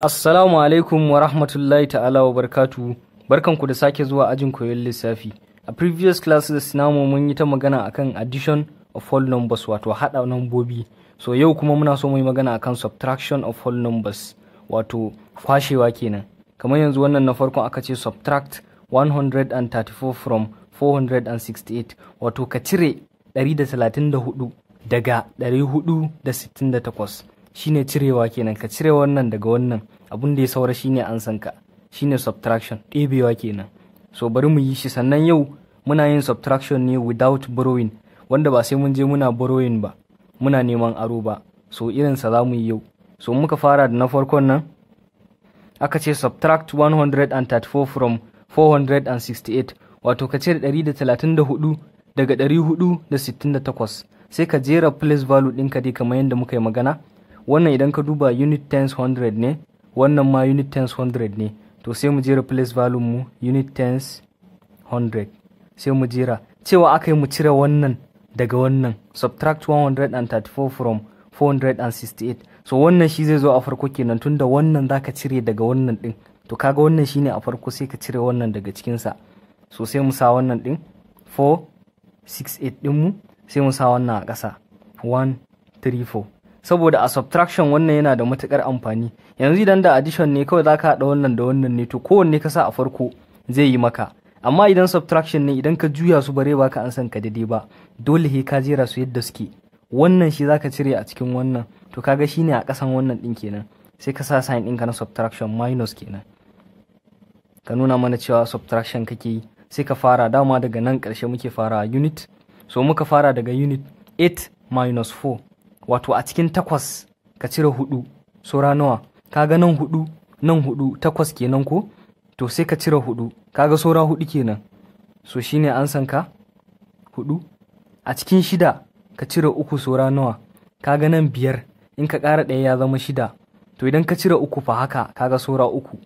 Assalamu alaikum wa rahmatullahi ta'ala wa barkatu. Barkanku da sake zuwa ajin koyon lissafi. A previous classes namu mun yi ta magana akan addition of whole numbers wato haɗa nambobi. So yau kuma muna so mu magana akan subtraction of whole numbers wato kwashewa kenan. Kamar yanzu wannan na farkon aka ce subtract 134 from 468 wato ka cire 134 daga 468. shine cirewa kenan ka cire wannan daga wannan abun da ya saura shine an san ka shine subtraction ɗebewa kenan so bari mu yi shi sannan yau muna yin subtraction ne without borrowing wanda ba sai mun je muna borrowing ba muna neman aro ba so irinsa za mu yi yau so muka fara da na farkon nan aka ce subtract 134 from 468 wato ka cire 134 daga 468 sai ka jera place value ɗinka dai kamar yadda muka yi magana wannan idan ka duba unit times 100 ne wannan ma unit times 100 ne to sai mu jera place value mu unit times 100 sai mu jera cewa aka yi mu cire wannan daga wannan subtract 134 from 468 so wannan shi zai zo a farko kenan tunda wannan za ka cire daga wannan din to kaga wannan shine a farko sai ka cire wannan daga cikinsa so sai mu sa wannan din 468 ɗinmu sai mu sa wannan a ƙasa 134 saboda a subtraction wannan yana da matukar amfani yanzu idan da addition ne kawai zaka haɗa wannan da wannan ne to kowanne ka sa a farko zai yi maka amma idan subtraction ne idan ka juya su bare baka an san ka daidai ba dole he ka jera su yadda suke wannan shi zaka cire a cikin wannan to kaga shine a kasan wannan din kenan sai ka sa sign ka na subtraction minus kenan ka nuna mana cewa subtraction kake yi sai ka fara dama daga nan karshe muke fara unit so muka fara daga unit 8 minus 4 wato a cikin takwas ka cire hudu sura nawa kaga nan hudu nan hudu takwas kenan ko to sai ka cire hudu kaga saura hudu kenan so shine san ka hudu a cikin shida ka cire uku sura nawa kaga nan biyar in ka ƙara ɗaya ya zama shida to idan ka cire uku fa haka kaga saura uku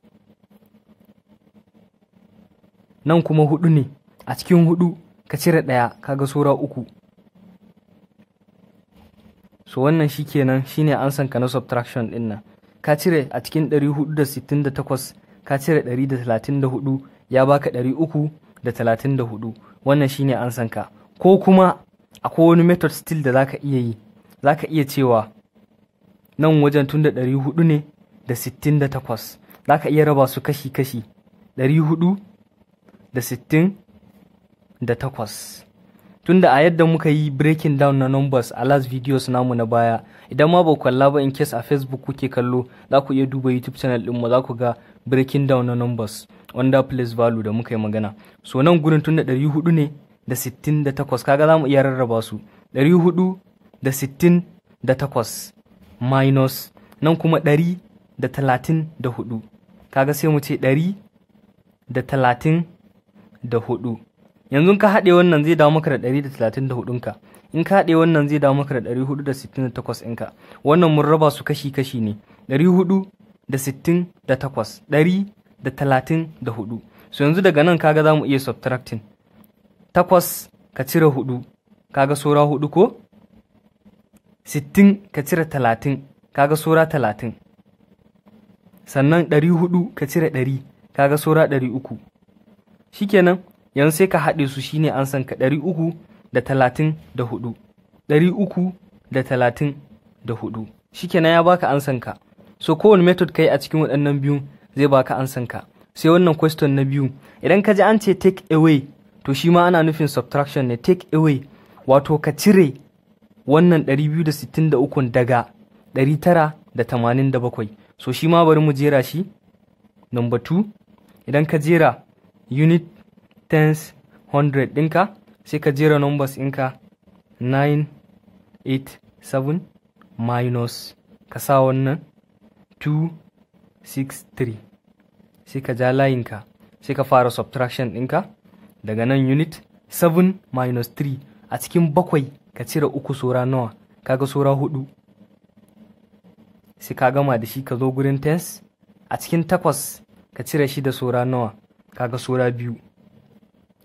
nan kuma hudu ne a cikin hudu ka cire ɗaya kaga saura uku so wannan shi kenan shine ansan ka na subtraction din nan ka cire a cikin 468 ka cire 134 ya baka 334 wannan shine ansan ka ko kuma akwai wani method still da zaka iya yi zaka iya cewa nan wajen tun da 400 ne da 68 ka iya raba su kashi-kashi 400 da 68 tunda a yadda muka yi breaking down na numbers a last videos namu na baya idan ma ba kwalla ba in case a facebook kuke kallo za ku iya duba youtube channel mu za ku ga breaking down na numbers under place value da muka yi magana so nan gurin tun tunda 400 ne da 68 kaga za mu iya rarraba su 400 da 68 minus nan kuma 134 da hudu kaga sai mu ce 134 da yanzu ka haɗe wannan zai dawo maka da 134 ka in ka haɗe wannan zai dawo maka da 468 ɗinka wannan mun raba su kashi-kashi ne 468 134 so yanzu daga nan kaga za mu iya subtracting 8 ka cire 4 kaga sora 4 ko 60 ka cire 30 kaga sora 30 sannan 400 ka cire 100 kaga sora 300 shikenan yanzu sai ka haɗe su shine an san ka ɗari uku da talatin da hudu ɗari uku da talatin da hudu kenan ya baka an san ka so kowane method kai a cikin waɗannan biyun zai baka an san ka sai wannan question na biyu idan ka ji an ce take away to shi ma ana nufin subtraction ne take away wato ka cire wannan ɗari biyu da da sittin ukun daga ɗari tara bakwai so shi ma bari mu jera shi number 2 idan ka jera unit tens hundred ɗinka sai ka jera numbers ɗinka nine eight 7 minus ka sa wannan two six three sai ka ja layinka sai ka fara subtraction ɗinka daga nan unit 7 minus 3 a cikin bakwai ka cire uku sora nawa kaga sora hudu sai ka gama da shi ka zo gurin tens a cikin takwas ka cire shi da sora nawa kaga sora biyu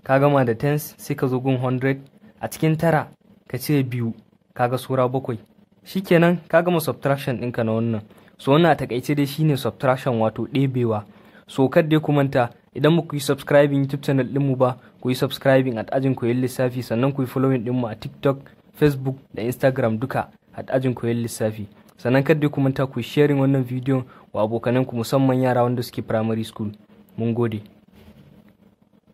ka gama da tens sai ka zo gun 100 a cikin tara ka ce biyu ka ga sura bakwai shikenan ka gama subtraction ɗinka na wannan so wannan a takaice dai shine subtraction wato ɗebewa so kar dai ku manta idan ba ku yi subscribing youtube channel ɗinmu ba ku yi subscribing at ajin koyon lissafi sannan ku yi following ɗinmu a tiktok facebook da instagram duka at ajin koyon lissafi sannan kar dai ku manta ku sharing wannan bidiyon wa abokananku musamman yara wanda suke primary school mun gode